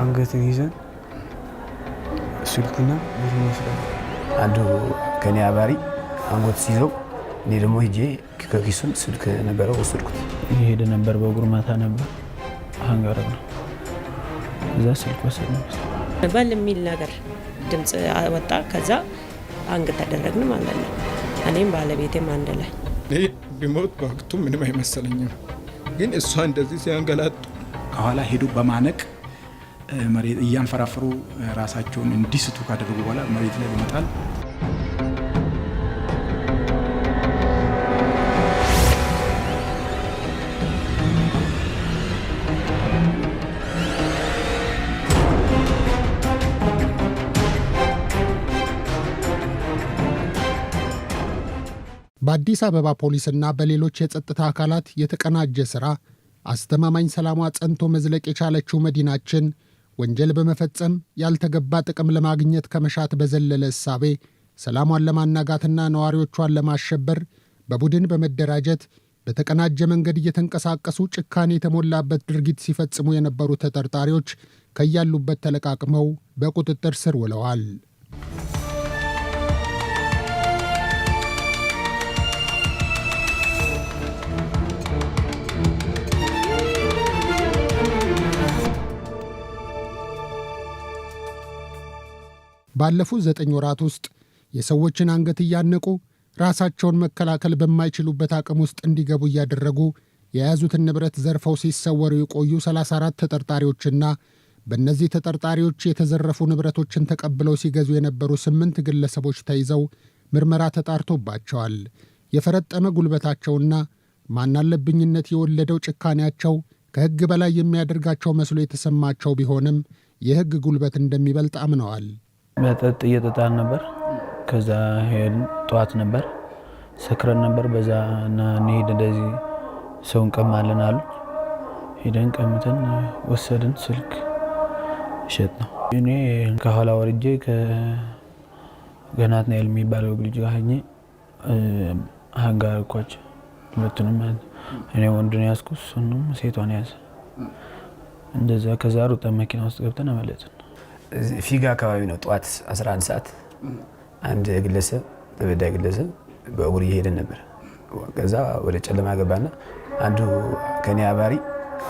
አንገትን ይዘን ስልኩና ብዙ ይመስላል። አንዱ ከኔ አባሪ አንጎት ሲይዘው እኔ ደግሞ ሄጄ ከኪሱን ስልክ ነበረው ወሰድኩት። የሄደ ነበር በጉርማታ ነበር ሀንጋረ ነው። እዛ ስልክ ወሰድ ነው በል የሚል ነገር ድምፅ ወጣ። ከዛ አንግ ተደረግን ማለት ነው። እኔም ባለቤቴም አንድ ላይ ቢሞት በወቅቱ ምንም አይመሰለኝም፣ ግን እሷ እንደዚህ ሲያንገላጡ ከኋላ ሄዱ በማነቅ መሬት እያንፈራፈሩ ራሳቸውን እንዲስቱ ካደረጉ በኋላ መሬት ላይ በመጣል በአዲስ አበባ ፖሊስና በሌሎች የጸጥታ አካላት የተቀናጀ ሥራ አስተማማኝ ሰላሟ ጸንቶ መዝለቅ የቻለችው መዲናችን ወንጀል በመፈጸም ያልተገባ ጥቅም ለማግኘት ከመሻት በዘለለ እሳቤ ሰላሟን ለማናጋትና ነዋሪዎቿን ለማሸበር በቡድን በመደራጀት በተቀናጀ መንገድ እየተንቀሳቀሱ ጭካኔ የተሞላበት ድርጊት ሲፈጽሙ የነበሩ ተጠርጣሪዎች ከያሉበት ተለቃቅመው በቁጥጥር ስር ውለዋል። ባለፉት ዘጠኝ ወራት ውስጥ የሰዎችን አንገት እያነቁ ራሳቸውን መከላከል በማይችሉበት አቅም ውስጥ እንዲገቡ እያደረጉ የያዙትን ንብረት ዘርፈው ሲሰወሩ የቆዩ 34 ተጠርጣሪዎችና በእነዚህ ተጠርጣሪዎች የተዘረፉ ንብረቶችን ተቀብለው ሲገዙ የነበሩ ስምንት ግለሰቦች ተይዘው ምርመራ ተጣርቶባቸዋል። የፈረጠመ ጉልበታቸውና ማናለብኝነት የወለደው ጭካኔያቸው ከሕግ በላይ የሚያደርጋቸው መስሎ የተሰማቸው ቢሆንም የሕግ ጉልበት እንደሚበልጥ አምነዋል። መጠጥ እየጠጣን ነበር። ከዛ ሄድን። ጠዋት ነበር ሰክረን ነበር። በዛ እና እንሄድ እንደዚህ ሰው እንቀማለን አሉ። ሄደን ቀምተን ወሰድን። ስልክ ሸጥ ነው። እኔ ከኋላ ወርጄ ከገናት ናይል የሚባለው ልጅ ሀኜ አጋርኳቸው ሁለቱንም ማለት እኔ ወንዱን ያዝኩ፣ እሱንም ሴቷን ያዘ። እንደዛ ከዛ ሩጠን መኪና ውስጥ ገብተን አመለጥን። ፊጋ አካባቢ ነው። ጠዋት 11 ሰዓት አንድ ግለሰብ ተበዳይ ግለሰብ በእግሩ እየሄደን ነበር። ከዛ ወደ ጨለማ ገባና አንዱ ከኔ አባሪ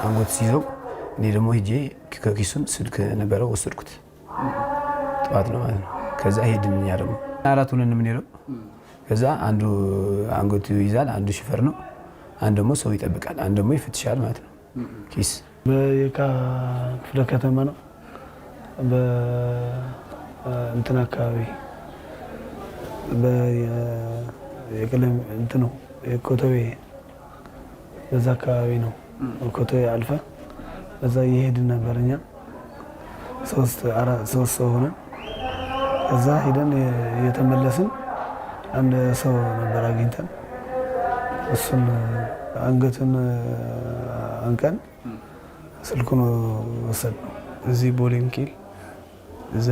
አንጎት ሲይዘው እኔ ደግሞ ሄጄ ከኪሱም ስልክ ነበረው ወሰድኩት። ጠዋት ነው ማለት ነው። ከዛ ሄድን እኛ ደግሞ አራት ሁነን የምንሄደው። ከዛ አንዱ አንጎቱ ይዛል፣ አንዱ ሽፈር ነው፣ አንድ ደግሞ ሰው ይጠብቃል፣ አንድ ደግሞ ይፍትሻል ማለት ነው። ኪስ በየካ ክፍለ ከተማ ነው በእንትን አካባቢ የቀለም እንት ነው የኮተቤ በዛ አካባቢ ነው። ኮተቤ አልፈ በዛ እየሄድን ነበር እኛ ሶስት ሰው ሆነን እዛ ሂደን እየተመለስን አንድ ሰው ነበር አግኝተን እሱን አንገቱን አንቀን ስልኩን ወሰድ ነው እዚህ ቦሌ እዛ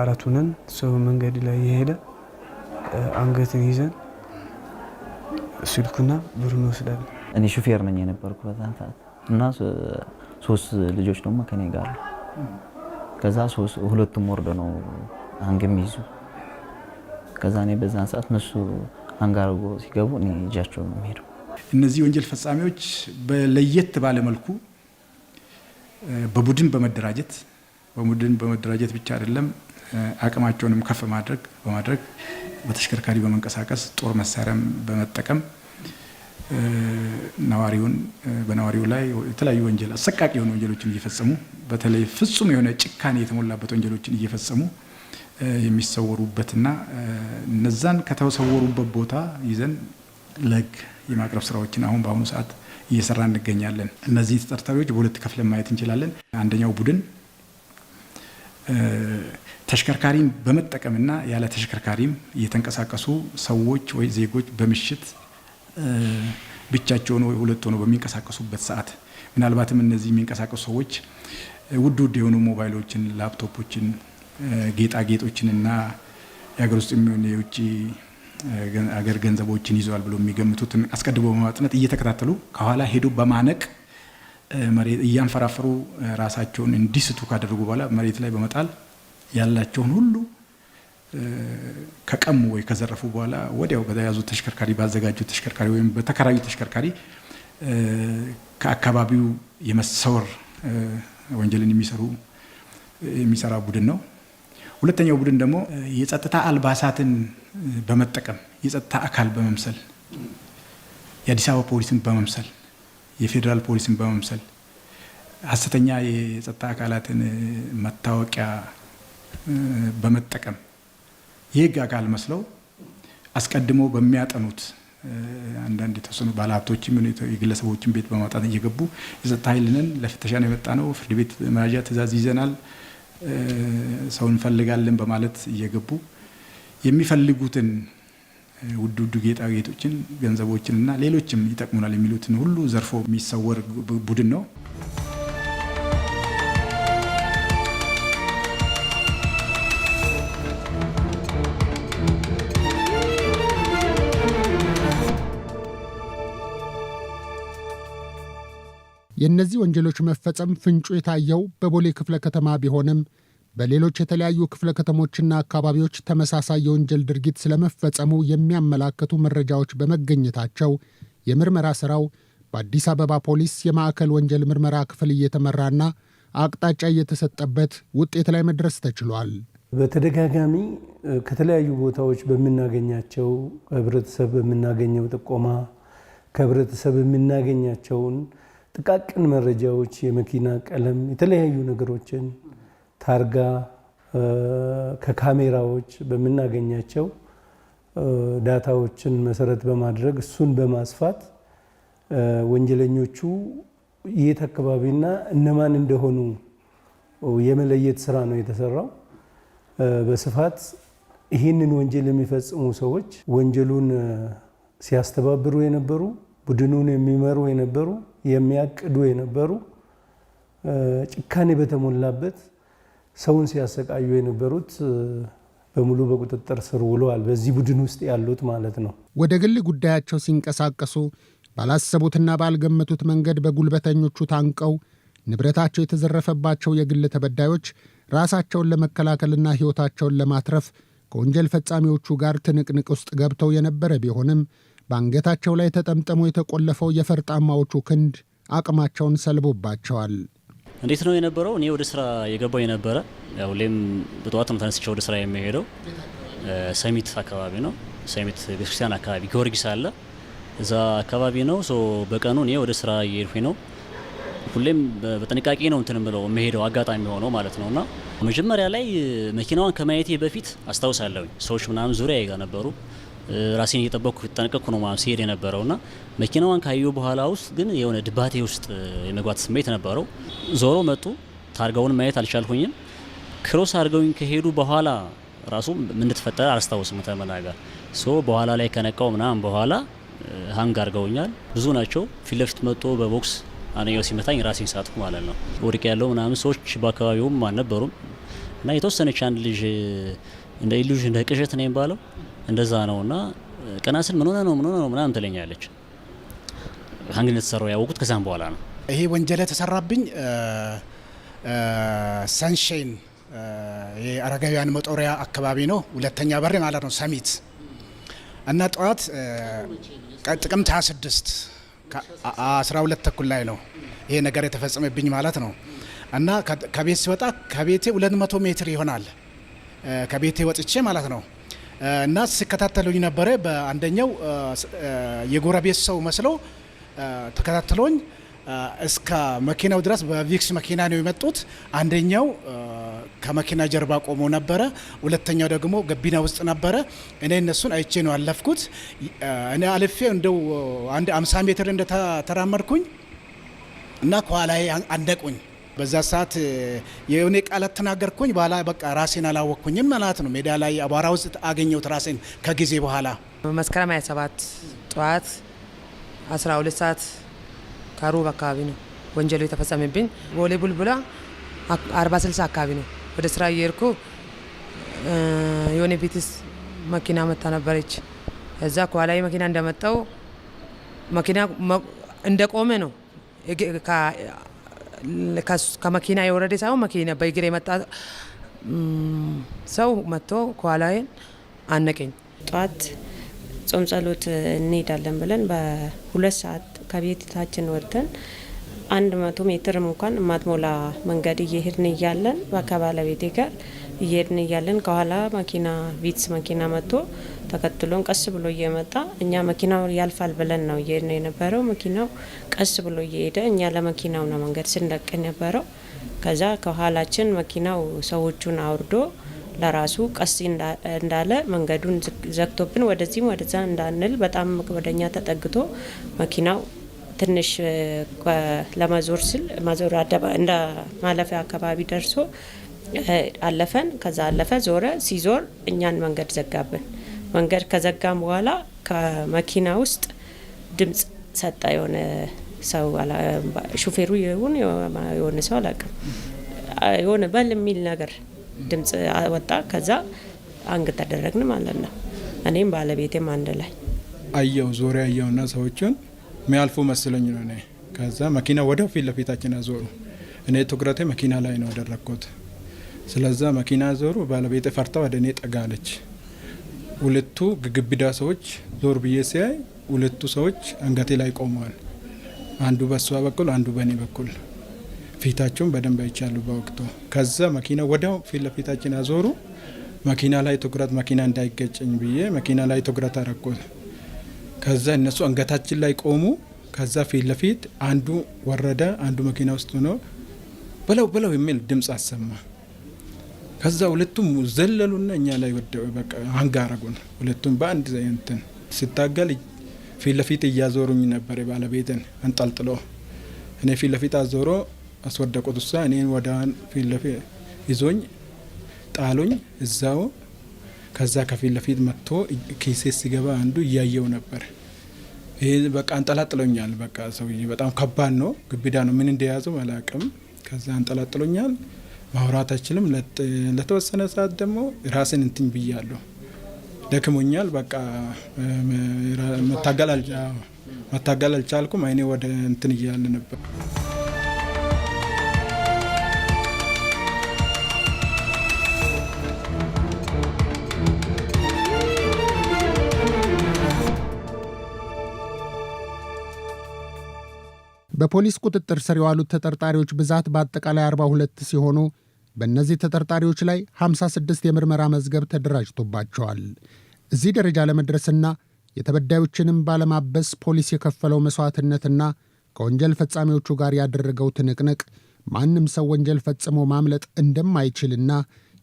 አራቱንን ሰው መንገድ ላይ የሄደ አንገትን ይዘን ስልኩና ብር እንወስዳለን። እኔ ሹፌር ነኝ የነበርኩ በዛን ሰዓት እና ሶስት ልጆች ደግሞ ከኔ ጋር ከዛ ሁለቱም ወርዶ ነው አንግም ይዙ ከዛ እኔ በዛን ሰዓት እነሱ አንጋርጎ ሲገቡ እኔ እጃቸው ነው የሚሄደው። እነዚህ ወንጀል ፈጻሚዎች በለየት ባለ መልኩ በቡድን በመደራጀት በቡድን በመደራጀት ብቻ አይደለም አቅማቸውንም ከፍ ማድረግ በማድረግ በተሽከርካሪ በመንቀሳቀስ ጦር መሳሪያም በመጠቀም ነዋሪውን በነዋሪው ላይ የተለያዩ ወንጀል አሰቃቂ የሆኑ ወንጀሎችን እየፈጸሙ በተለይ ፍጹም የሆነ ጭካኔ የተሞላበት ወንጀሎችን እየፈጸሙ የሚሰወሩበትና እነዛን ከተሰወሩበት ቦታ ይዘን ለግ የማቅረብ ስራዎችን አሁን በአሁኑ ሰዓት እየሰራ እንገኛለን። እነዚህ ተጠርጣሪዎች በሁለት ከፍለን ማየት እንችላለን። አንደኛው ቡድን ተሽከርካሪም በመጠቀምና ያለ ተሽከርካሪም የተንቀሳቀሱ ሰዎች ወይ ዜጎች በምሽት ብቻቸውን ወይ ሁለት ሆኖ በሚንቀሳቀሱበት ሰዓት ምናልባትም እነዚህ የሚንቀሳቀሱ ሰዎች ውድ ውድ የሆኑ ሞባይሎችን፣ ላፕቶፖችን፣ ጌጣጌጦችን የሀገር ውስጥ የሚሆን የውጭ አገር ገንዘቦችን ይዘዋል ብሎ የሚገምቱትን አስቀድሞ በማጥነት እየተከታተሉ ከኋላ ሄዶ በማነቅ መሬት እያንፈራፈሩ ራሳቸውን እንዲስቱ ካደረጉ በኋላ መሬት ላይ በመጣል ያላቸውን ሁሉ ከቀሙ ወይ ከዘረፉ በኋላ ወዲያው በተያዙ ተሽከርካሪ ባዘጋጁ ተሽከርካሪ ወይም በተከራዩ ተሽከርካሪ ከአካባቢው የመሰወር ወንጀልን የሚሰሩ የሚሰራ ቡድን ነው። ሁለተኛው ቡድን ደግሞ የጸጥታ አልባሳትን በመጠቀም የጸጥታ አካል በመምሰል የአዲስ አበባ ፖሊስን በመምሰል የፌዴራል ፖሊስን በመምሰል ሀሰተኛ የጸጥታ አካላትን መታወቂያ በመጠቀም የህግ አካል መስለው አስቀድሞ በሚያጠኑት አንዳንድ የተወሰኑ ባለሀብቶችም የግለሰቦችን ቤት በማውጣት እየገቡ የጸጥታ ኃይልንን ለፍተሻ ነው የመጣ ነው፣ ፍርድ ቤት መራጃ ትእዛዝ ይዘናል፣ ሰው እንፈልጋለን በማለት እየገቡ የሚፈልጉትን ውድ ውድ ጌጣጌጦችን፣ ገንዘቦችን እና ሌሎችም ይጠቅሙናል የሚሉትን ሁሉ ዘርፎ የሚሰወር ቡድን ነው። የእነዚህ ወንጀሎች መፈጸም ፍንጩ የታየው በቦሌ ክፍለ ከተማ ቢሆንም በሌሎች የተለያዩ ክፍለ ከተሞችና አካባቢዎች ተመሳሳይ የወንጀል ድርጊት ስለመፈጸሙ የሚያመላክቱ መረጃዎች በመገኘታቸው የምርመራ ሥራው በአዲስ አበባ ፖሊስ የማዕከል ወንጀል ምርመራ ክፍል እየተመራና አቅጣጫ እየተሰጠበት ውጤት ላይ መድረስ ተችሏል። በተደጋጋሚ ከተለያዩ ቦታዎች በምናገኛቸው ከህብረተሰብ በምናገኘው ጥቆማ ከህብረተሰብ የምናገኛቸውን ጥቃቅን መረጃዎች የመኪና ቀለም፣ የተለያዩ ነገሮችን ታርጋ ከካሜራዎች በምናገኛቸው ዳታዎችን መሰረት በማድረግ እሱን በማስፋት ወንጀለኞቹ የት አካባቢና እነማን እንደሆኑ የመለየት ስራ ነው የተሰራው። በስፋት ይህንን ወንጀል የሚፈጽሙ ሰዎች ወንጀሉን ሲያስተባብሩ የነበሩ፣ ቡድኑን የሚመሩ የነበሩ፣ የሚያቅዱ የነበሩ ጭካኔ በተሞላበት ሰውን ሲያሰቃዩ የነበሩት በሙሉ በቁጥጥር ስር ውለዋል። በዚህ ቡድን ውስጥ ያሉት ማለት ነው። ወደ ግል ጉዳያቸው ሲንቀሳቀሱ ባላሰቡትና ባልገመቱት መንገድ በጉልበተኞቹ ታንቀው ንብረታቸው የተዘረፈባቸው የግል ተበዳዮች ራሳቸውን ለመከላከልና ሕይወታቸውን ለማትረፍ ከወንጀል ፈጻሚዎቹ ጋር ትንቅንቅ ውስጥ ገብተው የነበረ ቢሆንም በአንገታቸው ላይ ተጠምጥሞ የተቆለፈው የፈርጣማዎቹ ክንድ አቅማቸውን ሰልቦባቸዋል። እንዴት ነው የነበረው? እኔ ወደ ስራ የገባው የነበረ ሁሌም በጠዋት ነው ተነስቼ ወደ ስራ የሚሄደው። ሰሚት አካባቢ ነው፣ ሰሚት ቤተክርስቲያን አካባቢ ጊዮርጊስ አለ፣ እዛ አካባቢ ነው። በቀኑ እኔ ወደ ስራ እየሄድኩኝ ነው። ሁሌም በጥንቃቄ ነው እንትን ብለው የሚሄደው አጋጣሚ ሆነው ማለት ነው። እና መጀመሪያ ላይ መኪናዋን ከማየቴ በፊት አስታውሳለሁኝ ሰዎች ምናምን ዙሪያ ጋ ነበሩ ራሴን እየጠበቅኩ ጠነቀቅኩ ነው ሲሄድ የነበረው እና መኪናዋን ካየሁ በኋላ ውስጥ ግን የሆነ ድባቴ ውስጥ የመግባት ስሜት ነበረው። ዞሮ መጡ። ታርጋውን ማየት አልቻልኩኝም። ክሮስ አድርገውኝ ከሄዱ በኋላ ራሱ ምን እንደተፈጠረ አላስታውስም። ተመናገር ሶ በኋላ ላይ ከነቃው ምናምን በኋላ ሀንግ አድርገውኛል። ብዙ ናቸው። ፊት ለፊት መጥቶ በቦክስ አንኛው ሲመታኝ ራሴን ሳጥኩ ማለት ነው። ወድቅ ያለው ምናምን ሰዎች በአካባቢውም አልነበሩም እና የተወሰነች አንድ ልጅ እንደ ኢሉዥን እንደ ቅዠት ነው የሚባለው እንደዛ ነው እና ቀና ስል ምን ሆነ ነው ምን ሆነ ነው ምናምን ትለኛለች። ሀንግ እንደተሰራው ያወቁት ከዛም በኋላ ነው። ይሄ ወንጀል የተሰራብኝ ሰንሻይን የአረጋውያን መጦሪያ አካባቢ ነው፣ ሁለተኛ በር ማለት ነው ሰሚት እና ጠዋት ጥቅምት 26 12 ተኩል ላይ ነው ይሄ ነገር የተፈጸመብኝ ማለት ነው። እና ከቤት ሲወጣ ከቤቴ 200 ሜትር ይሆናል ከቤቴ ወጥቼ ማለት ነው እና ሲከታተሉኝ ነበረ። በአንደኛው የጎረቤት ሰው መስሎ ተከታትሎኝ እስከ መኪናው ድረስ በቪክስ መኪና ነው የመጡት። አንደኛው ከመኪና ጀርባ ቆሞ ነበረ፣ ሁለተኛው ደግሞ ገቢና ውስጥ ነበረ። እኔ እነሱን አይቼ ነው ያለፍኩት። እኔ አልፌ እንደው አንድ አምሳ ሜትር እንደተራመድኩኝ እና ከኋላ አንደቁኝ። በዛ ሰዓት የሆነ ቃል ተናገርኩኝ በኋላ በቃ ራሴን አላወቅኩኝም ማለት ነው። ሜዳ ላይ አቧራ ውስጥ አገኘሁት ራሴን ከጊዜ በኋላ መስከረም 27 ጠዋት 12 ሰዓት ከሩብ አካባቢ ነው ወንጀሉ የተፈጸመብኝ። ቦሌ ቡልቡላ 46 አካባቢ ነው ወደ ስራ እየሄድኩ የሆነ ፊትስ መኪና መታ ነበረች። እዛ ከኋላዊ መኪና እንደመጣው መኪና እንደቆመ ነው ከመኪና የወረደ ሳይሆን መኪና በእግር የመጣ ሰው መጥቶ ከኋላዬን አነቀኝ። ጠዋት ጾም ጸሎት እንሄዳለን ብለን በሁለት ሰዓት ከቤታችን ወጥተን አንድ መቶ ሜትርም እንኳን ማትሞላ መንገድ እየሄድን እያለን ከባለቤቴ ጋር እየሄድን እያለን ከኋላ መኪና ቪትስ መኪና መጥቶ ተከትሎን ቀስ ብሎ እየመጣ እኛ መኪናው ያልፋል ብለን ነው እየሄድ የነበረው። መኪናው ቀስ ብሎ እየሄደ እኛ ለመኪናው ነው መንገድ ስንለቅ የነበረው። ከዛ ከኋላችን መኪናው ሰዎቹን አውርዶ ለራሱ ቀስ እንዳለ መንገዱን ዘግቶብን ወደዚህም ወደዛ እንዳንል በጣም ወደኛ ተጠግቶ መኪናው ትንሽ ለመዞር ስል ማዞር እንደ ማለፊያ አካባቢ ደርሶ አለፈን። ከዛ አለፈ ዞረ። ሲዞር እኛን መንገድ ዘጋብን። መንገድ ከዘጋም በኋላ ከመኪና ውስጥ ድምጽ ሰጠ። የሆነ ሰው ሹፌሩ ይሁን የሆነ ሰው አላውቅም፣ የሆነ በል የሚል ነገር ድምጽ ወጣ። ከዛ አንግት ተደረግን ማለት ነው። እኔም ባለቤቴም አንድ ላይ አየው ዞሬ አየውና ሰዎችን የሚያልፉ መስለኝ ነው እኔ። ከዛ መኪና ወደ ፊት ለፊታችን አዞሩ። እኔ ትኩረቴ መኪና ላይ ነው ያደረግኩት። ስለዛ መኪና ዞሩ ባለቤት ፈርታ ወደ እኔ ጠጋለች። ሁለቱ ግግብዳ ሰዎች ዞር ብዬ ሲያይ ሁለቱ ሰዎች አንገቴ ላይ ቆመዋል። አንዱ በሷ በኩል አንዱ በእኔ በኩል ፊታቸውን በደንብ አይቻሉ በወቅቱ። ከዛ መኪና ወዲያው ፊት ለፊታችን አዞሩ። መኪና ላይ ትኩረት መኪና እንዳይገጭኝ ብዬ መኪና ላይ ትኩረት አረኩት። ከዛ እነሱ አንገታችን ላይ ቆሙ። ከዛ ፊት ለፊት አንዱ ወረደ፣ አንዱ መኪና ውስጥ ሆኖ በለው በለው የሚል ድምፅ አሰማ። ከዛ ሁለቱም ዘለሉና እኛ ላይ አንጋረጉን። ሁለቱም በአንድ እንትን ስታገል ፊት ለፊት እያዞሩኝ ነበር። ባለቤትን አንጠልጥሎ እኔ ፊት ለፊት አዞሮ አስወደቁት። እሷ እኔን ወደ ፊት ለፊት ይዞኝ ጣሉኝ እዛው። ከዛ ከፊት ለፊት መጥቶ ኪሴ ሲገባ አንዱ እያየው ነበር። ይህ በቃ አንጠላጥሎኛል። በቃ ሰውዬ በጣም ከባድ ነው፣ ግቢዳ ነው። ምን እንደያዘው አላቅም። ከዛ አንጠላጥሎኛል። ማውራት አችልም። ለተወሰነ ሰዓት ደግሞ ራስን እንትን ብያለሁ፣ ደክሞኛል፣ በቃ መታገል አልቻልኩም። አይኔ ወደ እንትን እያለ ነበር። በፖሊስ ቁጥጥር ስር የዋሉት ተጠርጣሪዎች ብዛት በአጠቃላይ 42 ሲሆኑ በእነዚህ ተጠርጣሪዎች ላይ 56 የምርመራ መዝገብ ተደራጅቶባቸዋል። እዚህ ደረጃ ለመድረስና የተበዳዮችንም ባለማበስ ፖሊስ የከፈለው መሥዋዕትነትና ከወንጀል ፈጻሚዎቹ ጋር ያደረገው ትንቅንቅ ማንም ሰው ወንጀል ፈጽሞ ማምለጥ እንደማይችልና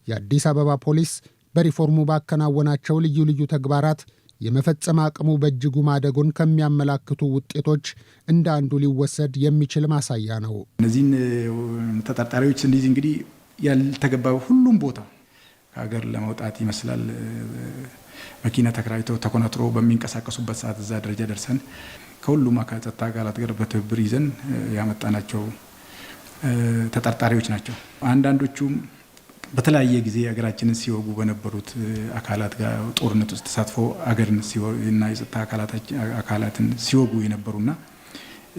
የአዲስ አበባ ፖሊስ በሪፎርሙ ባከናወናቸው ልዩ ልዩ ተግባራት የመፈጸም አቅሙ በእጅጉ ማደጉን ከሚያመላክቱ ውጤቶች እንደ አንዱ ሊወሰድ የሚችል ማሳያ ነው። እነዚህን ተጠርጣሪዎች እንዲህ እንግዲህ ያልተገባ ሁሉም ቦታ ከሀገር ለመውጣት ይመስላል። መኪና ተከራይተው ተኮናትሮ በሚንቀሳቀሱበት ሰዓት እዛ ደረጃ ደርሰን ከሁሉም ከጸጥታ አካላት ጋር በትብብር ይዘን ያመጣናቸው ተጠርጣሪዎች ናቸው። አንዳንዶቹም በተለያየ ጊዜ ሀገራችንን ሲወጉ በነበሩት አካላት ጋር ጦርነት ውስጥ ተሳትፎ ሀገርን እና የጸጥታ አካላትን ሲወጉ የነበሩና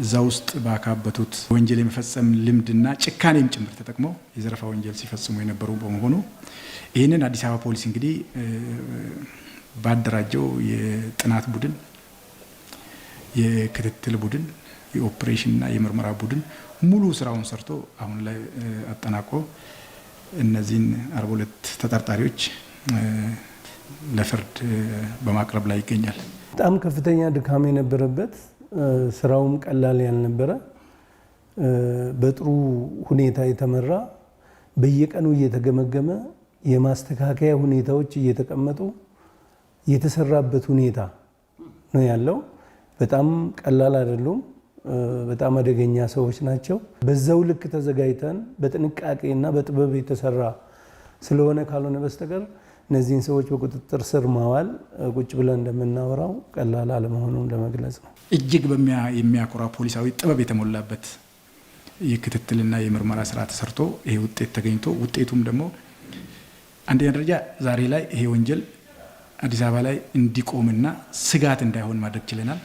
እዛ ውስጥ ባካበቱት ወንጀል የመፈጸም ልምድና ጭካኔም ጭምር ተጠቅመው የዘረፋ ወንጀል ሲፈጽሙ የነበሩ በመሆኑ ይህንን አዲስ አበባ ፖሊስ እንግዲህ ባደራጀው የጥናት ቡድን፣ የክትትል ቡድን፣ የኦፕሬሽንና የምርመራ ቡድን ሙሉ ስራውን ሰርቶ አሁን ላይ አጠናቆ እነዚህን አርባ ሁለት ተጠርጣሪዎች ለፍርድ በማቅረብ ላይ ይገኛል። በጣም ከፍተኛ ድካም የነበረበት ስራውም ቀላል ያልነበረ በጥሩ ሁኔታ የተመራ በየቀኑ እየተገመገመ የማስተካከያ ሁኔታዎች እየተቀመጡ የተሰራበት ሁኔታ ነው ያለው። በጣም ቀላል አይደሉም። በጣም አደገኛ ሰዎች ናቸው። በዛው ልክ ተዘጋጅተን በጥንቃቄ እና በጥበብ የተሰራ ስለሆነ ካልሆነ በስተቀር እነዚህን ሰዎች በቁጥጥር ስር ማዋል ቁጭ ብለን እንደምናወራው ቀላል አለመሆኑን ለመግለጽ ነው። እጅግ የሚያኮራ ፖሊሳዊ ጥበብ የተሞላበት የክትትልና የምርመራ ስራ ተሰርቶ ይሄ ውጤት ተገኝቶ ውጤቱም ደግሞ አንደኛ ደረጃ ዛሬ ላይ ይሄ ወንጀል አዲስ አበባ ላይ እንዲቆምና ስጋት እንዳይሆን ማድረግ ችለናል።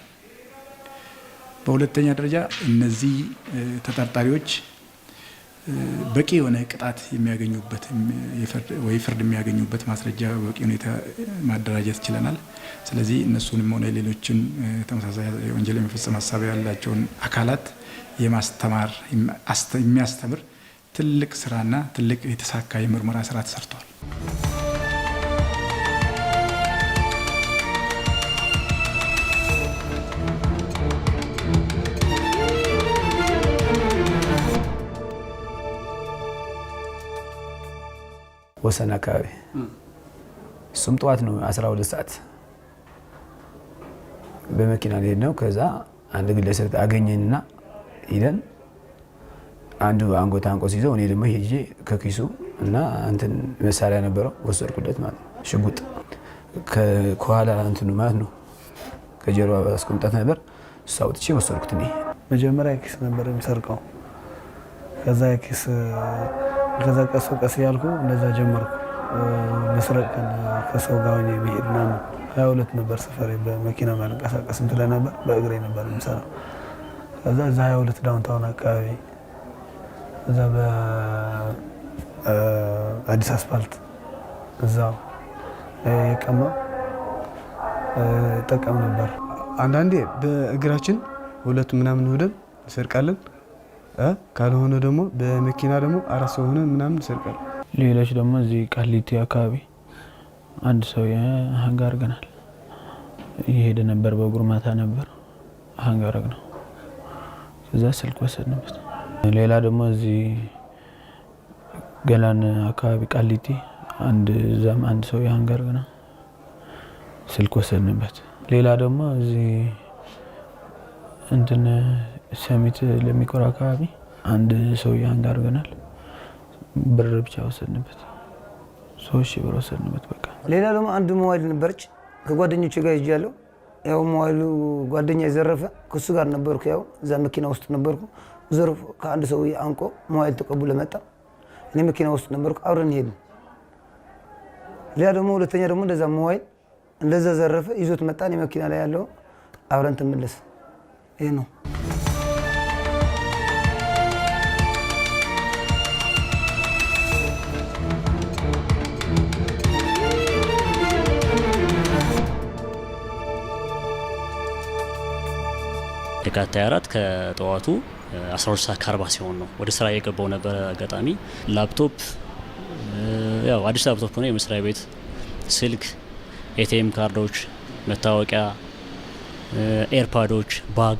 በሁለተኛ ደረጃ እነዚህ ተጠርጣሪዎች በቂ የሆነ ቅጣት የሚያገኙበት ወይ ፍርድ የሚያገኙበት ማስረጃ በቂ ሁኔታ ማደራጀት ችለናል። ስለዚህ እነሱንም ሆነ ሌሎችን ተመሳሳይ ወንጀል የመፈጸም ሀሳብ ያላቸውን አካላት የማስተማር የሚያስተምር ትልቅ ስራና ትልቅ የተሳካ የምርመራ ስራ ተሰርተዋል። ወሰን አካባቢ እሱም ጠዋት ነው 12 ሰዓት በመኪና ሄድ ነው። ከዛ አንድ ግለሰብ አገኘንና ሂደን አንዱ አንጎታ አንቆ ሲይዘው እኔ ደግሞ ሄጄ ከኪሱ እና እንትን መሳሪያ ነበረው ወሰድኩለት ማለት ነው። ሽጉጥ ከኋላ እንትኑ ማለት ነው ከጀርባ አስቆምጣት ነበር። እሱ አውጥቼ ወሰድኩት። እኔ መጀመሪያ ኪስ ነበር የሚሰርቀው ከዛ ኪስ ከዛ ቀስ ቀስ ያልኩ እንደዛ ጀመርኩ መስረቅ ከሰው ጋር ሆኜ መሄድ ምናምን። ሀያ ሁለት ነበር ሰፈሬ በመኪና ማለንቀሳቀስ እንትን ነበር፣ በእግሬ ነበር የምሰራው። ከዛ እዛ ሀያ ሁለት ዳውንታውን አካባቢ እዛ በአዲስ አስፋልት እዛው የቀማ ጠቀም ነበር። አንዳንዴ በእግራችን ሁለቱ ምናምን ውደን እንሰርቃለን። ካልሆነ ደግሞ በመኪና ደግሞ አራት ሰው ሆነ ምናምን ይሰርቃል። ሌሎች ደግሞ እዚህ ቃሊቲ አካባቢ አንድ ሰው ሀንጋር ገናል እየሄደ ነበር፣ በጉርማታ ነበር ሀንጋረግ ነው። ከዛ ስልክ ወሰድንበት። ሌላ ደግሞ እዚህ ገላን አካባቢ ቃሊቲ አንድ እዛም አንድ ሰው የሀንጋር ገና ስልክ ወሰድንበት። ሌላ ደግሞ እዚህ እንትን ሰሚት ለሚቆር አካባቢ አንድ ሰውዬ አንጋ አድርገናል። ብር ብቻ ወሰድንበት፣ ሶስት ሺህ ብር ወሰድንበት። በቃ ሌላ ደግሞ አንድ መዋይል ነበረች ከጓደኞች ጋር ይጅ ያለው ያው መዋይሉ ጓደኛ የዘረፈ ከሱ ጋር ነበርኩ። ያው እዛ መኪና ውስጥ ነበርኩ። ዘርፎ ከአንድ ሰው አንቆ መዋይል ተቀብሎ መጣ። እኔ መኪና ውስጥ ነበርኩ። አብረን ሄድን። ሌላ ደግሞ ሁለተኛ ደግሞ እንደዛ መዋይል እንደዛ ዘረፈ፣ ይዞት መጣ። እኔ መኪና ላይ ያለው አብረን ትመለስ። ይህ ነው የካቲት 24 ከጠዋቱ 12 ሰዓት ከ40 ሲሆን ነው ወደ ስራ የገባው ነበረ። አጋጣሚ ላፕቶፕ ያው አዲስ ላፕቶፕ ነው፣ የመስሪያ ቤት ስልክ፣ ኤቲኤም ካርዶች፣ መታወቂያ፣ ኤርፓዶች፣ ባግ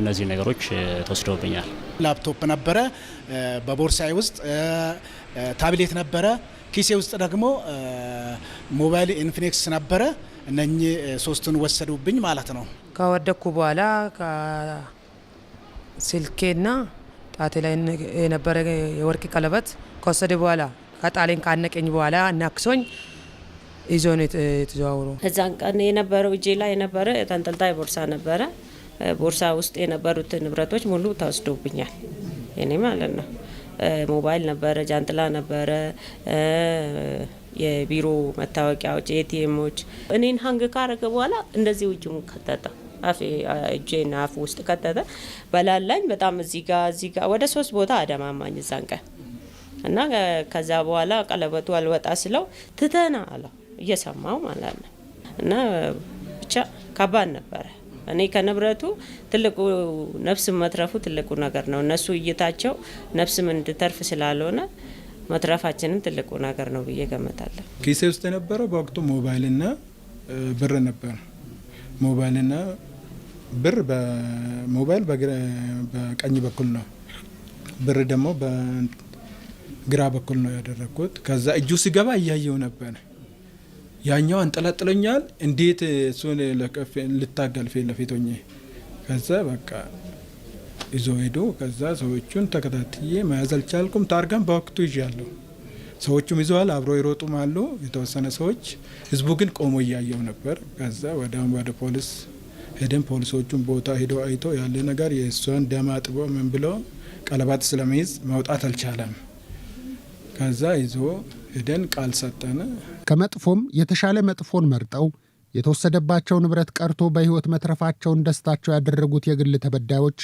እነዚህ ነገሮች ተወስደውብኛል። ላፕቶፕ ነበረ በቦርሳዬ ውስጥ፣ ታብሌት ነበረ ኪሴ ውስጥ ደግሞ ሞባይል ኢንፊኒክስ ነበረ። እነኚህ ሶስቱን ወሰዱብኝ ማለት ነው። ከወደኩ በኋላ ስልኬና ጣቴ ላይ የነበረ የወርቅ ቀለበት ከወሰደ በኋላ ከጣሌን ካነቀኝ በኋላ እናክሶኝ ይዞ ነው የተዘዋውሩ። እዛን ቀን የነበረው እጄ ላይ የነበረ ተንጠልጣይ ቦርሳ ነበረ። ቦርሳ ውስጥ የነበሩት ንብረቶች ሙሉ ተወስዶብኛል። እኔ ማለት ነው ሞባይል ነበረ፣ ጃንጥላ ነበረ የቢሮ መታወቂያዎች፣ ኤቲኤሞች እኔን ሀንግ ካረገ በኋላ እንደዚህ ውጅሙ ከተጠ አፌ እጄን አፍ ውስጥ ከተተ በላላኝ በጣም እዚህ ጋ እዚህ ጋ ወደ ሶስት ቦታ አደማማኝ እዛን ቀን እና ከዛ በኋላ ቀለበቱ አልወጣ ስለው ትተና አለ እየሰማው ማለት ነው። እና ብቻ ከባድ ነበረ። እኔ ከንብረቱ ትልቁ ነፍስ መትረፉ ትልቁ ነገር ነው። እነሱ እይታቸው ነፍስም እንድተርፍ ስላልሆነ መትረፋችንም ትልቁ ነገር ነው ብዬ ገምታለሁ። ኪሴ ውስጥ የነበረው በወቅቱ ሞባይልና ብር ነበር። ሞባይልና ብር በሞባይል በቀኝ በኩል ነው፣ ብር ደግሞ በግራ በኩል ነው ያደረግኩት። ከዛ እጁ ሲገባ እያየው ነበር። ያኛው አንጠላጥለኛል። እንዴት እሱን ልታገል ፊት ለፊት ሆኜ ከዛ በቃ ይዞ ሄዶ ከዛ ሰዎቹን ተከታትዬ መያዝ አልቻልኩም። ታርጋም በወቅቱ ይዣለሁ። ሰዎቹም ይዘዋል፣ አብሮ ይሮጡም አሉ የተወሰነ ሰዎች። ህዝቡ ግን ቆሞ እያየው ነበር። ከዛ ወደ ወደ ፖሊስ ሄደን ፖሊሶቹን ቦታ ሄዶ አይቶ ያለ ነገር የእሷን ደም አጥቦ ምን ብሎ ቀለባት ስለመይዝ መውጣት አልቻለም። ከዛ ይዞ ሄደን ቃል ሰጠን። ከመጥፎም የተሻለ መጥፎን መርጠው የተወሰደባቸው ንብረት ቀርቶ በሕይወት መትረፋቸውን ደስታቸው ያደረጉት የግል ተበዳዮች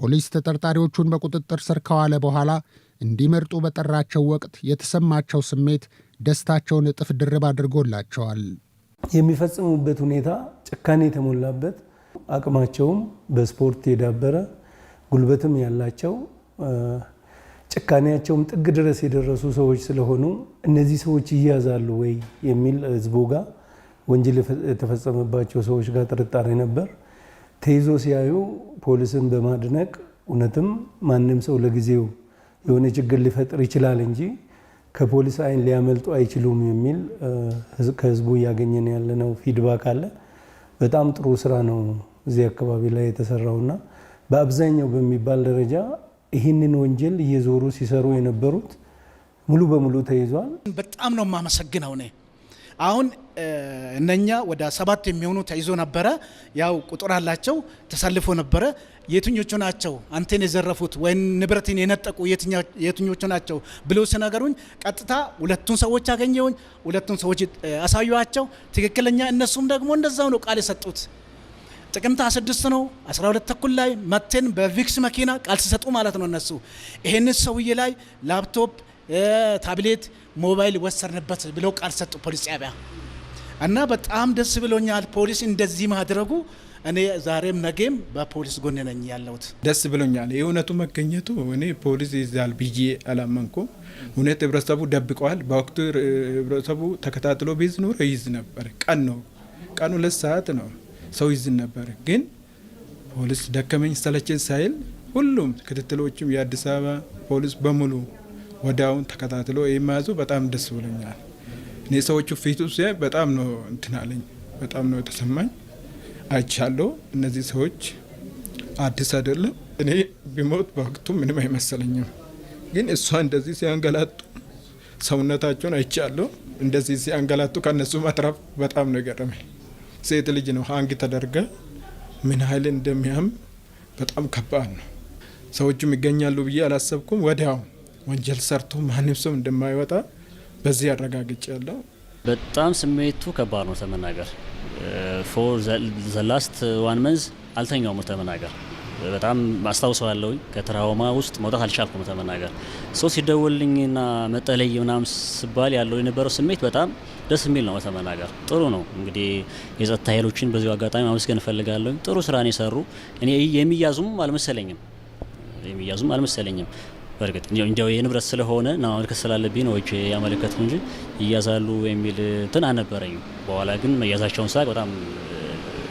ፖሊስ ተጠርጣሪዎቹን በቁጥጥር ስር ከዋለ በኋላ እንዲመርጡ በጠራቸው ወቅት የተሰማቸው ስሜት ደስታቸውን እጥፍ ድርብ አድርጎላቸዋል። የሚፈጽሙበት ሁኔታ ጭካኔ የተሞላበት አቅማቸውም በስፖርት የዳበረ ጉልበትም ያላቸው ጭካኔያቸውም ጥግ ድረስ የደረሱ ሰዎች ስለሆኑ እነዚህ ሰዎች ይያዛሉ ወይ የሚል ህዝቡ ጋር ወንጀል የተፈጸመባቸው ሰዎች ጋር ጥርጣሬ ነበር። ተይዞ ሲያዩ ፖሊስን በማድነቅ እውነትም ማንም ሰው ለጊዜው የሆነ ችግር ሊፈጥር ይችላል እንጂ ከፖሊስ አይን ሊያመልጡ አይችሉም የሚል ከህዝቡ እያገኘን ያለነው ፊድባክ አለ። በጣም ጥሩ ስራ ነው እዚህ አካባቢ ላይ የተሰራውና በአብዛኛው በሚባል ደረጃ ይህንን ወንጀል እየዞሩ ሲሰሩ የነበሩት ሙሉ በሙሉ ተይዟል። በጣም ነው የማመሰግነው እኔ አሁን እነኛ ወደ ሰባት የሚሆኑ ተይዞ ነበረ። ያው ቁጥር አላቸው ተሰልፎ ነበረ። የትኞቹ ናቸው አንተን የዘረፉት ወይም ንብረትን የነጠቁ የትኞቹ ናቸው ብሎ ሲነገሩኝ ቀጥታ ሁለቱን ሰዎች አገኘሁኝ። ሁለቱን ሰዎች አሳዩቸው። ትክክለኛ እነሱም ደግሞ እንደዛው ነው ቃል የሰጡት። ጥቅምት 26 ነው 12 ተኩል ላይ መቴን በቪክስ መኪና ቃል ሲሰጡ ማለት ነው እነሱ ይህንን ሰውዬ ላይ ላፕቶፕ ታብሌት፣ ሞባይል ወሰርንበት ብለው ቃል ሰጡ ፖሊስ ጣቢያ እና በጣም ደስ ብሎኛል። ፖሊስ እንደዚህ ማድረጉ እኔ ዛሬም ነገም በፖሊስ ጎን ነኝ ያለሁት ደስ ብሎኛል። የእውነቱ መገኘቱ እኔ ፖሊስ ይዛል ብዬ አላመንኩም። እውነት ህብረተሰቡ ደብቀዋል። በወቅቱ ህብረተሰቡ ተከታትሎ ቢይዝ ኑሮ ይዝ ነበር። ቀን ነው ቀኑ ሁለት ሰዓት ነው ሰው ይዝ ነበር። ግን ፖሊስ ደከመኝ ሰለቸኝ ሳይል ሁሉም ክትትሎችም የአዲስ አበባ ፖሊስ በሙሉ ወዲያውን ተከታትሎ የመያዙ በጣም ደስ ብሎኛል። እኔ ሰዎቹ ፊት ሲያይ በጣም ነው እንትናለኝ በጣም ነው የተሰማኝ። አይቻለሁ። እነዚህ ሰዎች አዲስ አይደለም። እኔ ቢሞት በወቅቱ ምንም አይመሰለኝም፣ ግን እሷ እንደዚህ ሲያንገላጡ ሰውነታቸውን አይቻለሁ። እንደዚህ ሲያንገላጡ ከነሱ መትረፍ በጣም ነው የገረመኝ። ሴት ልጅ ነው ሀንግ ተደርጋ ምን ያህል እንደሚያም በጣም ከባድ ነው። ሰዎቹም ይገኛሉ ብዬ አላሰብኩም ወዲያውን ወንጀል ሰርቶ ማንም ሰው እንደማይወጣ በዚህ አረጋግጭ ያለው በጣም ስሜቱ ከባድ ነው። ተመናገር ፎር ዘላስት ዋን መንዝ አልተኛውም። ተመናገር በጣም አስታውሰዋለሁኝ። ከትራውማ ውስጥ መውጣት አልቻልኩም። ተመናገር ሰው ሲደወልኝና መጠለይ ምናምን ስባል ያለው የነበረው ስሜት በጣም ደስ የሚል ነው። ተመናገር ጥሩ ነው። እንግዲህ የጸጥታ ኃይሎችን በዚሁ አጋጣሚ ማመስገን እፈልጋለሁ። ጥሩ ስራን የሰሩ እኔ የሚያዙም አልመሰለኝም የሚያዙም አልመሰለኝም። በእርግጥ እንዲያው የንብረት ስለሆነ ና ማመልከት ስላለብኝ ነው እጅ ያመለከቱ እንጂ ይያዛሉ የሚል እንትን አልነበረኝ። በኋላ ግን መያዛቸውን ሳቅ በጣም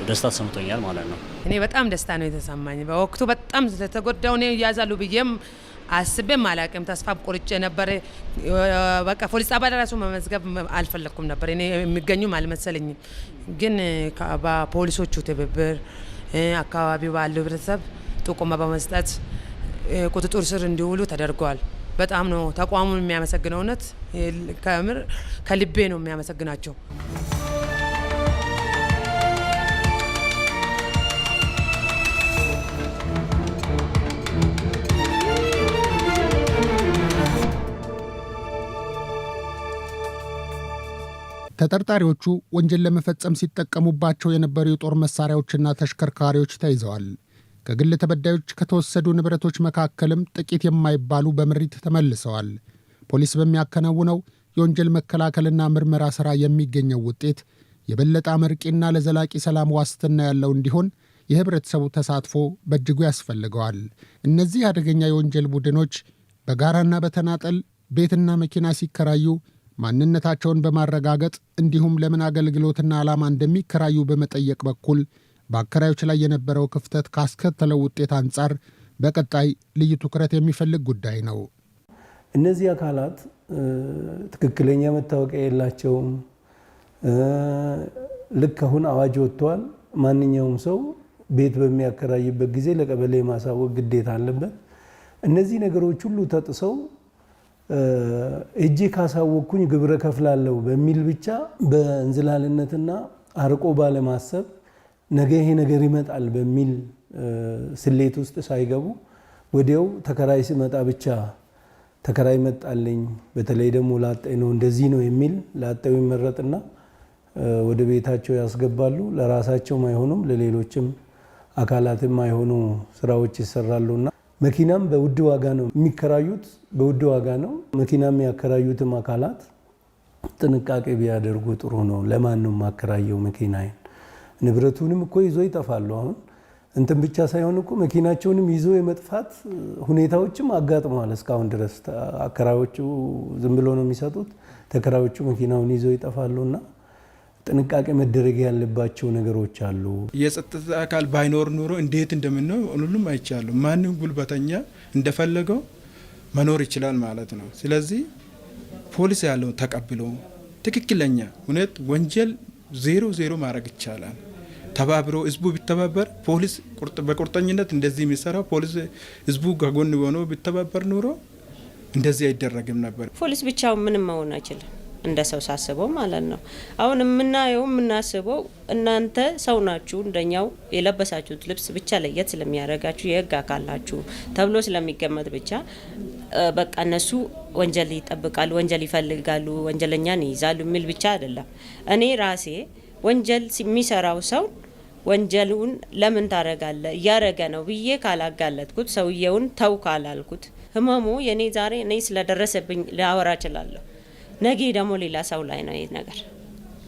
ደስታ ተሰምቶኛል ማለት ነው። እኔ በጣም ደስታ ነው የተሰማኝ። በወቅቱ በጣም ስለተጎዳው እኔ ይያዛሉ ብዬም አስቤም አላቅም። ተስፋ ቆርጬ ነበር። በቃ ፖሊስ ጣቢያ ለራሱ መመዝገብ አልፈለግኩም ነበር። እኔ የሚገኙም አልመሰለኝም። ግን በፖሊሶቹ ትብብር አካባቢው ባለው ህብረተሰብ ጥቆማ በመስጠት ቁጥጥር ስር እንዲውሉ ተደርጓል። በጣም ነው ተቋሙን የሚያመሰግነው። እውነት ከምር ከልቤ ነው የሚያመሰግናቸው። ተጠርጣሪዎቹ ወንጀል ለመፈጸም ሲጠቀሙባቸው የነበሩ የጦር መሳሪያዎችና ተሽከርካሪዎች ተይዘዋል። ከግል ተበዳዮች ከተወሰዱ ንብረቶች መካከልም ጥቂት የማይባሉ በምሪት ተመልሰዋል። ፖሊስ በሚያከናውነው የወንጀል መከላከልና ምርመራ ሥራ የሚገኘው ውጤት የበለጠ አመርቂና ለዘላቂ ሰላም ዋስትና ያለው እንዲሆን የህብረተሰቡ ተሳትፎ በእጅጉ ያስፈልገዋል። እነዚህ አደገኛ የወንጀል ቡድኖች በጋራና በተናጠል ቤትና መኪና ሲከራዩ ማንነታቸውን በማረጋገጥ እንዲሁም ለምን አገልግሎትና ዓላማ እንደሚከራዩ በመጠየቅ በኩል በአከራዮች ላይ የነበረው ክፍተት ካስከተለው ውጤት አንጻር በቀጣይ ልዩ ትኩረት የሚፈልግ ጉዳይ ነው። እነዚህ አካላት ትክክለኛ መታወቂያ የላቸውም። ልክ አሁን አዋጅ ወጥቷል። ማንኛውም ሰው ቤት በሚያከራይበት ጊዜ ለቀበሌ ማሳወቅ ግዴታ አለበት። እነዚህ ነገሮች ሁሉ ተጥሰው እጄ ካሳወቅኩኝ ግብረ ከፍላለሁ በሚል ብቻ በእንዝላልነትና አርቆ ባለማሰብ ነገ ይሄ ነገር ይመጣል በሚል ስሌት ውስጥ ሳይገቡ ወዲያው ተከራይ ሲመጣ ብቻ ተከራይ መጣልኝ፣ በተለይ ደግሞ ላጤ ነው እንደዚህ ነው የሚል ላጤው ይመረጥና ወደ ቤታቸው ያስገባሉ። ለራሳቸውም አይሆኑም ለሌሎችም አካላትም አይሆኑ ስራዎች ይሰራሉና መኪናም በውድ ዋጋ ነው የሚከራዩት፣ በውድ ዋጋ ነው መኪና የሚያከራዩትም አካላት ጥንቃቄ ቢያደርጉ ጥሩ ነው። ለማን ነው የማከራየው መኪናዬን? ንብረቱንም እኮ ይዞ ይጠፋሉ። አሁን እንትን ብቻ ሳይሆን እኮ መኪናቸውንም ይዞ የመጥፋት ሁኔታዎችም አጋጥመዋል። እስካሁን ድረስ አከራዮቹ ዝም ብሎ ነው የሚሰጡት። ተከራዮቹ መኪናውን ይዘው እና ጥንቃቄ መደረግ ያለባቸው ነገሮች አሉ። የጸጥታ አካል ባይኖር ኑሮ እንዴት እንደምንነው ሁሉም አይቻሉ። ማንም ጉልበተኛ እንደፈለገው መኖር ይችላል ማለት ነው። ስለዚህ ፖሊስ ያለው ተቀብሎ ትክክለኛ እውነት ወንጀል ዜሮ ዜሮ ማድረግ ይቻላል። ተባብሮ ህዝቡ ቢተባበር ፖሊስ በቁርጠኝነት እንደዚህ የሚሰራው ፖሊስ ህዝቡ ከጎን ሆኖ ቢተባበር ኑሮ እንደዚህ አይደረግም ነበር። ፖሊስ ብቻውን ምንም መሆን አይችልም፣ እንደ ሰው ሳስበው ማለት ነው። አሁን የምናየው የምናስበው እናንተ ሰው ናችሁ፣ እንደኛው የለበሳችሁት ልብስ ብቻ ለየት ስለሚያደርጋችሁ የህግ አካላችሁ ተብሎ ስለሚገመት ብቻ በቃ እነሱ ወንጀል ይጠብቃሉ፣ ወንጀል ይፈልጋሉ፣ ወንጀለኛን ይይዛሉ የሚል ብቻ አይደለም። እኔ ራሴ ወንጀል የሚሰራው ሰው ወንጀሉን ለምን ታረጋለ እያደረገ ነው ብዬ ካላጋለጥኩት፣ ሰውየውን ተው ካላልኩት፣ ህመሙ የኔ ዛሬ እኔ ስለደረሰብኝ ላወራ እችላለሁ። ነገ ደግሞ ሌላ ሰው ላይ ነው ይህ ነገር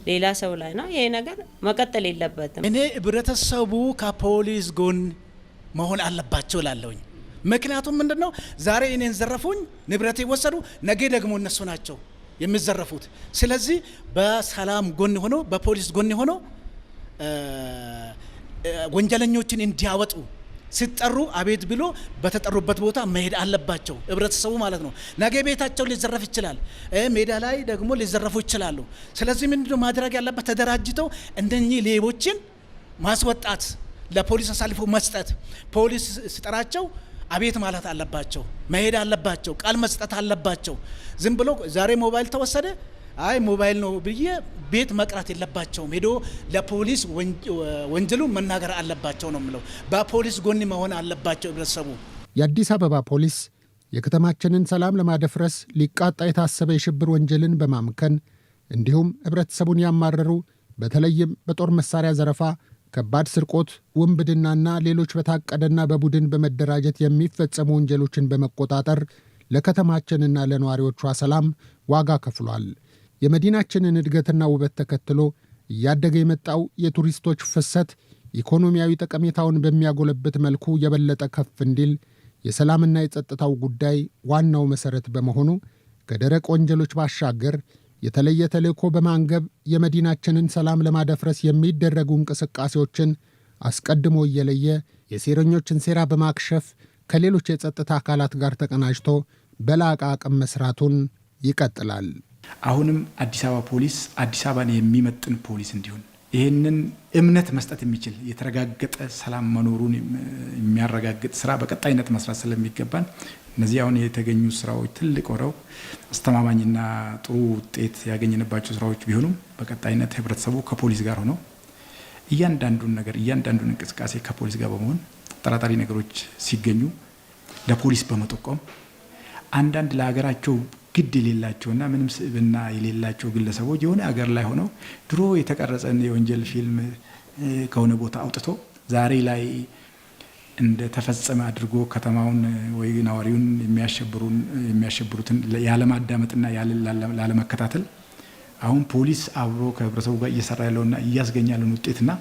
ሌላ ሰው ላይ ነው ይሄ ነገር መቀጠል የለበትም። እኔ ህብረተሰቡ ከፖሊስ ጎን መሆን አለባቸው ላለውኝ። ምክንያቱም ምንድን ነው ዛሬ እኔን ዘረፉኝ፣ ንብረት የወሰዱ ነገ ደግሞ እነሱ ናቸው የሚዘረፉት። ስለዚህ በሰላም ጎን ሆኖ በፖሊስ ጎን ሆኖ ወንጀለኞችን እንዲያወጡ ሲጠሩ አቤት ብሎ በተጠሩበት ቦታ መሄድ አለባቸው፣ ህብረተሰቡ ማለት ነው። ነገ ቤታቸው ሊዘረፍ ይችላል፣ ሜዳ ላይ ደግሞ ሊዘረፉ ይችላሉ። ስለዚህ ምንድነው ማድረግ ያለበት? ተደራጅተው እንደኚህ ሌቦችን ማስወጣት፣ ለፖሊስ አሳልፎ መስጠት፣ ፖሊስ ሲጠራቸው አቤት ማለት አለባቸው፣ መሄድ አለባቸው፣ ቃል መስጠት አለባቸው። ዝም ብሎ ዛሬ ሞባይል ተወሰደ አይ ሞባይል ነው ብዬ ቤት መቅራት የለባቸውም። ሄዶ ለፖሊስ ወንጀሉ መናገር አለባቸው ነው የምለው። በፖሊስ ጎን መሆን አለባቸው ህብረተሰቡ። የአዲስ አበባ ፖሊስ የከተማችንን ሰላም ለማደፍረስ ሊቃጣ የታሰበ የሽብር ወንጀልን በማምከን እንዲሁም ህብረተሰቡን ያማረሩ በተለይም በጦር መሳሪያ ዘረፋ፣ ከባድ ስርቆት፣ ውንብድናና ሌሎች በታቀደና በቡድን በመደራጀት የሚፈጸሙ ወንጀሎችን በመቆጣጠር ለከተማችንና ለነዋሪዎቿ ሰላም ዋጋ ከፍሏል። የመዲናችንን እድገትና ውበት ተከትሎ እያደገ የመጣው የቱሪስቶች ፍሰት ኢኮኖሚያዊ ጠቀሜታውን በሚያጎለብት መልኩ የበለጠ ከፍ እንዲል የሰላምና የጸጥታው ጉዳይ ዋናው መሠረት በመሆኑ ከደረቅ ወንጀሎች ባሻገር የተለየ ተልእኮ በማንገብ የመዲናችንን ሰላም ለማደፍረስ የሚደረጉ እንቅስቃሴዎችን አስቀድሞ እየለየ የሴረኞችን ሴራ በማክሸፍ ከሌሎች የጸጥታ አካላት ጋር ተቀናጅቶ በላቀ አቅም መስራቱን ይቀጥላል። አሁንም አዲስ አበባ ፖሊስ አዲስ አበባን የሚመጥን ፖሊስ እንዲሆን ይህንን እምነት መስጠት የሚችል የተረጋገጠ ሰላም መኖሩን የሚያረጋግጥ ስራ በቀጣይነት መስራት ስለሚገባን እነዚህ አሁን የተገኙ ስራዎች ትልቅ ሆነው አስተማማኝና ጥሩ ውጤት ያገኘንባቸው ስራዎች ቢሆኑም በቀጣይነት ህብረተሰቡ ከፖሊስ ጋር ሆነው እያንዳንዱን ነገር እያንዳንዱን እንቅስቃሴ ከፖሊስ ጋር በመሆን ጠራጣሪ ነገሮች ሲገኙ ለፖሊስ በመጠቆም አንዳንድ ለሀገራቸው ግድ የሌላቸውና ምንም ስዕብና የሌላቸው ግለሰቦች የሆነ አገር ላይ ሆነው ድሮ የተቀረጸን የወንጀል ፊልም ከሆነ ቦታ አውጥቶ ዛሬ ላይ እንደ ተፈጸመ አድርጎ ከተማውን ወይ ነዋሪውን የሚያሸብሩትን ያለማዳመጥና ላለመከታተል አሁን ፖሊስ አብሮ ከህብረተሰቡ ጋር እየሰራ ያለውና እያስገኝ ያለውን ውጤትና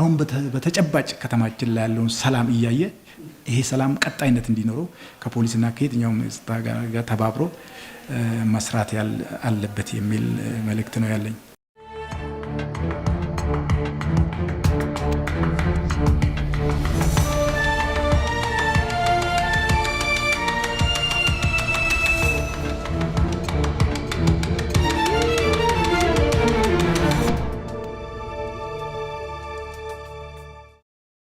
አሁን በተጨባጭ ከተማችን ላይ ያለውን ሰላም እያየ ይሄ ሰላም ቀጣይነት እንዲኖረው ከፖሊስና ከየትኛውም ጋር ተባብሮ መስራት አለበት የሚል መልእክት ነው ያለኝ።